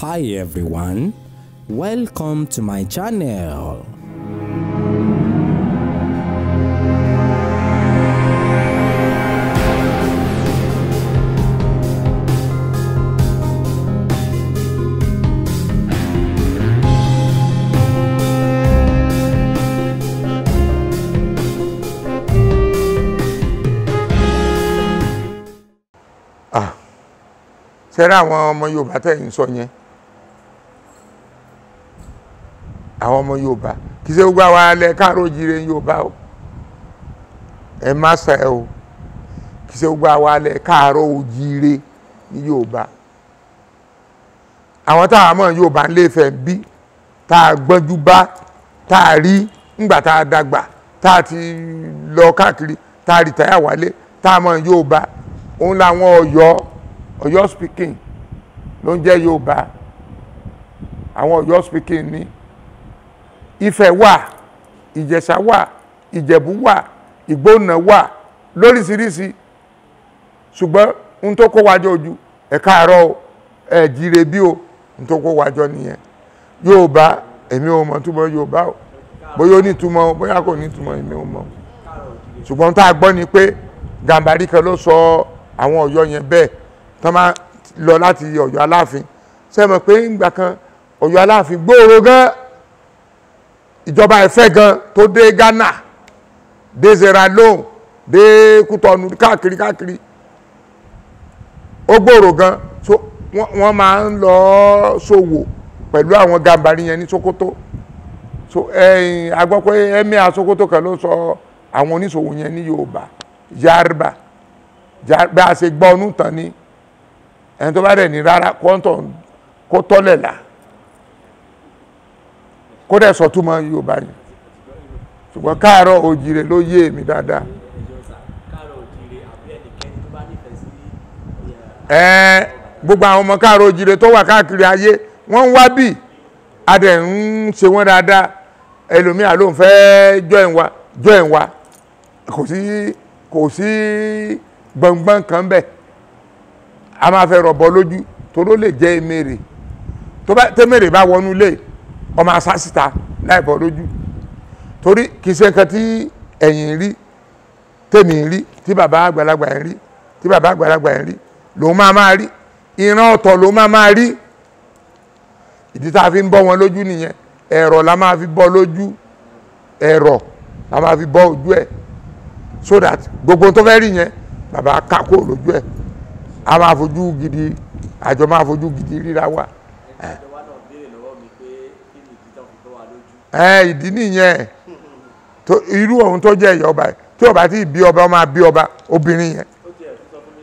Hi everyone, welcome to my channel. Ah. ṣẹ́rẹ́ àwọn ọmọ Yorùbá tẹ̀yìn sọ yẹn àwọn ọmọ Yorùbá kì í ṣe gbogbo àwọn alẹ́ káàró jire Yorùbá o ẹ má sẹ o kì í ṣe gbogbo àwọn alẹ́ káàró jire ní Yorùbá àwọn táwọn ọmọ Yorùbá ń lè fẹ́ bí tá a gbọ́njú bá tá a rí ńgbà tá a dàgbà tá a ti lọ káàkiri tá a rìtáyà wálé tá a mọ̀ Yorùbá òun làwọn Ọ̀yọ́ Ọ̀yọ́ speaking ló ń jẹ́ Yorùbá àwọn Ọ̀yọ́ speaking ní. Ifẹ̀ wà Ìjẹ̀ṣà wà Ìjẹ̀bú wà Ìgbónà wà lóríṣiríṣi ṣùgbọ́n ohun tó kó wájọ ojú ẹ káàárọ̀ ẹ jíire bí o ohun tó kó wájọ nìyẹn Yorùbá èmi ò mọ̀ túmọ̀ Yorùbá o bóyá ó ní túmọ̀ bóyá kò ní túmọ̀ èmi ò mọ̀ ṣùgbọ́n tá a gbọ́ ni pé Gàmbàrí kan ló sọ àwọn Ọ̀yọ́ yẹn bẹ́ẹ̀ tán máa lọ láti Ọ̀yọ́ Aláàfin ṣé mọ̀ pé ńgbà kan Ọ̀yọ́ Aláàfin gbòòrò gan-an ìjọba ẹ̀fẹ́ gan tó dé Ghana dé Sierra Leone dé Kútọ̀nù káàkiri káàkiri ó gbòòrò gan so wọ́n máa ń lọ ṣòwò pẹ̀lú àwọn gàmbàrí yẹn ní Sokoto so ẹ̀yìn agbọ́pẹ́ emir Sokoto kan ló sọ àwọn oníṣòwò yẹn ní Yorùbá Yarba bá a ṣe gbọ́ ọdún tán ni ẹni tó bá dẹ̀ ní rárá kọ́ńtọ̀ kó tọ́lẹ̀ là kó dẹ̀ sọ túmọ̀ Yorùbá yìí ṣùgbọ́n káàárọ̀ òjìrè ló yé èmi dáadáa. ẹ̀ẹ́n gbogbo àwọn ọmọ káàárọ̀ òjìrè tó wà káàkiri ayé wọ́n ń wá bì adẹ̀ ń ṣe wọ́n dáadáa ẹlòmíà ló ń fẹ́ join wa join kò sí kò sí gbọ̀ngbọ̀n kan bẹ́ẹ̀ a máa fẹ́ rọ̀bọ lójú tó ló lè jẹ́ emèrè tó bá tẹ́mèrè bá wọnú lé ọmọ asá síta láì bọ́ lójú torí kì í ṣe nǹkan tí ẹ̀yìn rí tèmi rí tí bàbá àgbàlagbà yẹn rí tí bàbá àgbàlagbà yẹn rí lòun máa máa rí ìran ọ̀tọ̀ lòun máa máa rí ìdí tá a fi ń bọ́ wọn lójú nìyẹn ẹ̀rọ la máa fi bọ́ lójú ẹ̀rọ la máa fi bọ́ ojú ẹ̀ so that gbogbo tó fẹ́ rí yẹn bàbá kákó lójú ẹ̀ a máa fojú gidi àjọ máa fojú gidi ríra wa ẹ ìdí nìyẹn irú ohun tó jẹ́ ìyá ọba yìí tí ọba tí bí ọba ọmọ bí ọba obìnrin yẹn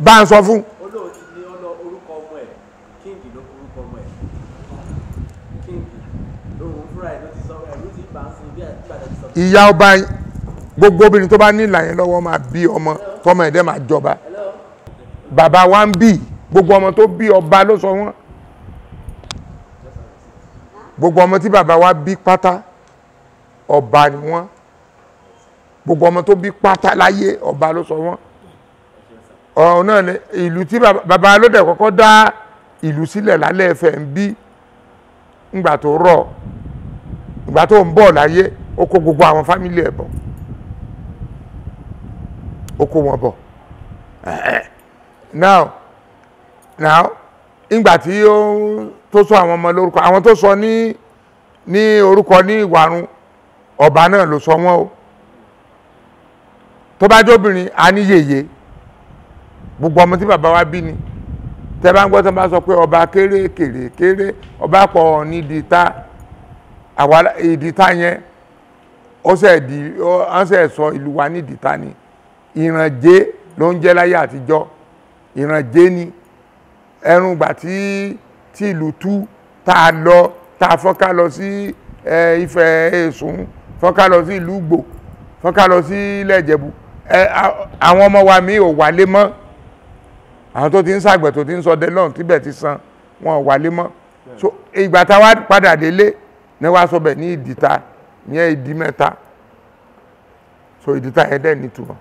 bá ń sọ fún. ìyá ọba gbogbo obìnrin tó bá ní ìlànà lọ́wọ́ máa bí ọmọ kọ́mọ ẹ̀dẹ́ máa jọba bàbá wa ń bí gbogbo ọmọ tó bí ọba ló sọ wọ́n gbogbo ọmọ tí bàbá wa bí pátá ọba ni wọ́n gbogbo ọmọ tó bí pátá láyé ọba ló sọ wọ́n ọ̀hún náà ni ìlú tí bàbá lóde kọ́kọ́ dá ìlú sílẹ̀ lálẹ́ ẹ̀fẹ̀ ń bí ńgbà tó rọ̀ ìgbà tó ń bọ̀ láyé ó kó gbogbo àwọn fámìlì ẹ̀ bọ̀ ó kó wọn bọ̀ now now ìgbà tí ó ń tó sọ àwọn ọmọ lórúkọ àwọn tó sọ ní ní orúkọ ní ìwàrun ọba náà ló sọ wọn o tó bá jóbìnrin a ní yèyé gbogbo ọmọ tí bàbá wa bí ni tẹ bá ń gbọ́ tó bá sọ pé ọba kéré kéré kéré ọba pọ̀ ní ìdìta àwa ìdìta yẹn ó sẹ̀ di ó sẹ̀ sọ ìlú wa ní ìdìta ni ìrànjẹ ló ń jẹ́ láyé àtijọ́ ìrànjẹ ni ẹrùngbà tí tí ìlú tú tá a lọ tá a fọ́nká lọ sí Ifẹ̀ Èsùn fọ́nká lọ sí ìlú Ìgbò fọ́nká lọ sí ilẹ̀ Ìjẹ̀bú àwọn ọmọ wa mi ò wálé mọ́ àwọn tó ti ń ṣàgbẹ̀ tó ti ń sọdẹ lọ́run tíbẹ̀ ti san wọn ò wálé mọ́ so ìgbà tá a wá padà délé ní wàá sọ bẹ̀ ní ìdìta ní ìdí mẹ́ta so ìdìta yẹn dẹ̀ nítumọ̀.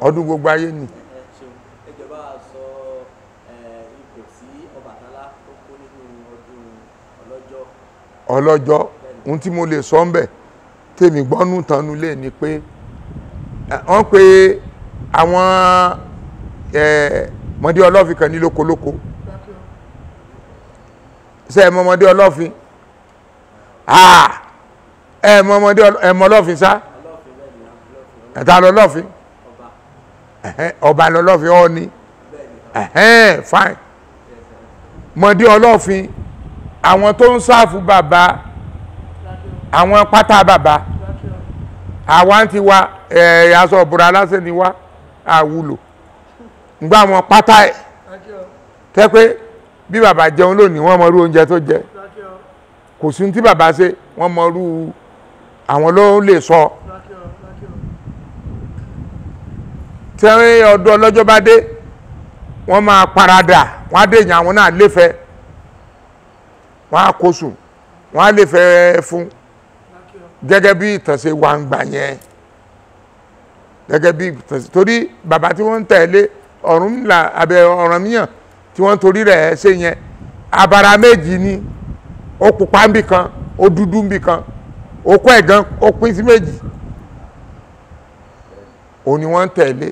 ọdún gbogbo ayé ni. ìjọba sọ ipò tí Ọbàtálá tó kó nínú ọdún ọlọ́jọ́. ọlọ́jọ́ ohun tí mo lè sọ ń bẹ̀ tèmi gbọ́nú tanu lé ni pé wọ́n pe àwọn mọ̀dé ọlọ́fin kan ní lókolóko ṣe ẹ̀ mọ̀dé ọlọ́fin ẹ̀ ọlọ́fin ṣá ẹ̀ta lọ́lọ́fin ọba lọ́lọ́fin ọ ni fine mọ̀dí ọlọ́fin àwọn tó ń sáàfù bàbá àwọn pátá bàbá àwa ti wa aṣọ òbúra lásán ni wa àwùlò ngbà wọn pátá ẹ̀ tẹ́ pé bí bàbá jẹun lónìí wọ́n mọ oúnjẹ tó jẹ kò sí tí bàbá ṣe wọ́n mọ àwọn ló lè sọ. So tí ọdún ọlọ́jọ́ bá dé wọ́n máa paradà wọ́n á dènyàn àwọn náà léfẹ́ wọ́n á kó sùn wọ́n á léfẹ́ fún gẹ́gẹ́ bí ìtànṣe wà ń gbà yẹn gẹ́gẹ́ bí ìtànṣe torí bàbá tí wọ́n ń tẹ̀lé Ọ̀rúnmìlà abẹ Ọ̀rànmíyàn tí wọ́n torí rẹ̀ ṣe yẹn abara méjì ni ó pupa ń bì kan ó dúdú ń bì kan ó kó ẹ̀gán ó pín sí méjì òun wọ́n ń tẹ̀lé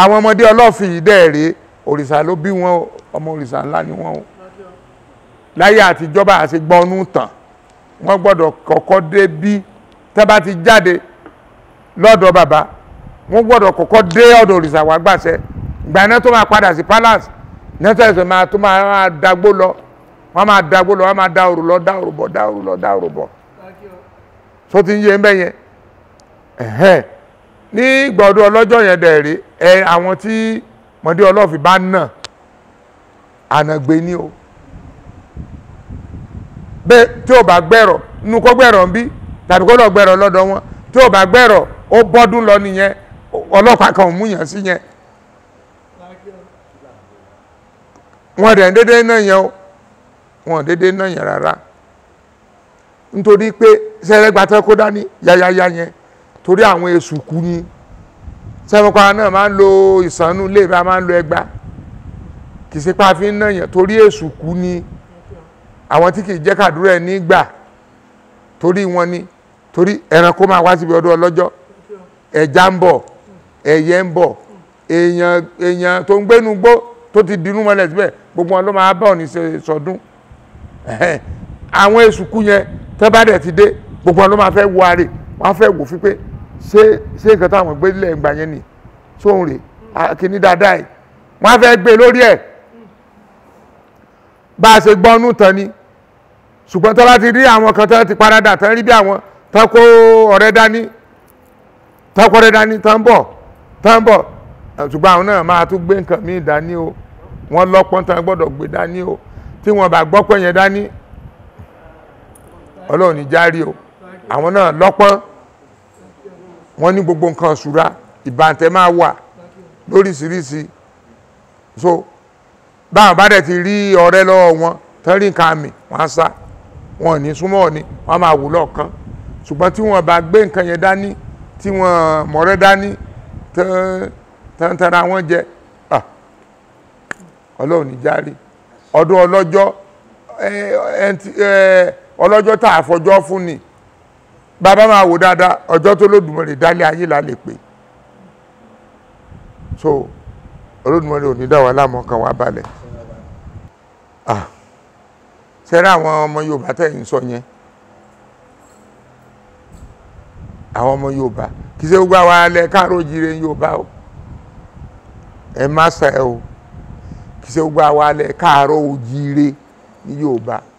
àwọn ọmọdé ọlọ́fin yìí dẹ̀ rèé òrìṣà ló bí wọn o ọmọ òrìṣà ńlá ni wọn o láyé àtijọba àti gbọ́nú tàn wọ́n gbọ́dọ̀ kọ́kọ́ dé bí tẹ́ bá ti jáde lọ́dọ̀ bàbá wọ́n gbọ́dọ̀ kọ́kọ́ dé ọ̀dọ̀ òrìṣà wá gbàṣẹ ìgbà iná tó máa padà sí palace nẹ́tẹ̀ẹ̀sẹ̀ máa tó máa dagbó lọ wọ́n máa dagbó lọ wọ́n máa da lọ da òrù bọ̀ lọ da òrù bọ̀ so ti ń yé ń bẹ́yẹn ẹ̀hẹ́n ní gbọ̀dọ̀ ọlọ́jọ́ yẹn dẹ̀ ẹ àwọn tí mọ̀dé ọlọ́ọ̀fì bá nà ànàgbé ni o bẹ́ẹ̀ tí ò bá gbẹ̀rọ̀ nínú kó gbẹ̀rọ̀ ń bí tàbí kó lọ gbẹ̀rọ̀ lọ́dọ̀ wọn tí ò bá gbẹ̀rọ̀ ó bọ́dún lọ nìyẹn ọlọ́pàá kan ò mú yàn sí yẹn wọn dẹ̀ ń dédé náà yẹn o wọn dédé náà yẹn rárá nítorí pé sẹ́rẹ́gbàtà kó dání yáyáyá yẹn. Ya, ya, ya, torí àwọn èṣù kú ni sẹ́fọ̀pá náà máa ń lo ìsànú ilé ìbá máa ń lo ẹgbà kì í ṣe pa torí èṣù kú ni àwọn tí kì í jẹ́ kàdúrà ẹ̀ nígbà torí wọn ni torí ẹranko máa wá síbi ọdún ọlọ́jọ́ ẹja ń bọ̀ ẹyẹ ń bọ̀ èèyàn èèyàn tó ń gbénu gbó tó ti dinú mọ́lẹ̀ síbẹ̀ gbogbo wọn ló máa bọ̀ ní sọdún àwọn èṣù kú yẹn tẹ́ bá dẹ̀ ti dé gbogbo wọn ló máa fẹ́ wọ àrè wọ́n á fẹ́ wò fí pé ṣé ṣé nǹkan táwọn gbé lẹ̀ gbà yẹn nì sóhun rè kíní dáadáa yìí wọ́n á fẹ́ gbé e lórí ẹ̀ bá a ṣe gbọ́nú tán ni ṣùgbọ́n tó bá ti rí àwọn kan tó ti paradà tán rí bí àwọn tán kó ọ̀rẹ́ dání tán kó ọ̀rẹ́ dání tán bọ̀ tán bọ̀ ṣùgbọ́n àwọn náà máa tún gbé nǹkan míì dání o wọ́n lọ́pọ́n tán gbọ́dọ̀ gbé dání o tí wọ́n bá gbọ́pọ̀ yẹn dání ọlọ́run ní járí o àwọn náà lọ́pọ́n wọ́n ní gbogbo nǹkan ṣúra ìbàǹtẹ́ máa wà lóríṣiríṣi so báwọn bá dẹ̀ ti rí ọ̀rẹ́ lọ́wọ́ wọn tán rí nǹkan àmì wọ́n á sá wọn ò ní súnmọ́ ọ̀ ni wọ́n á máa wù lọ́ọ̀kan ṣùgbọ́n tí wọ́n bá gbé nǹkan yẹn dání tí wọ́n mọ̀rẹ́ dání tán tara wọn jẹ ọlọ́run ní járí ọdún ọlọ́jọ́ ọlọ́jọ́ tá a fọjọ́ fún ni bàbá máa wò dáadáa ọjọ́ tó lódùmarè dálé ayé la lè pè so olódùmarè ò ní dá wa láàmú kan wá balẹ̀ ah sera àwọn ọmọ Yorùbá tẹ̀yìn sọ yẹn àwọn ọmọ Yorùbá kì í ṣe gbogbo àwọn alẹ́ káàró jíire Yorùbá o ẹ má sẹ́ o kì í ṣe gbogbo àwọn alẹ́ káàró jíire ní Yorùbá.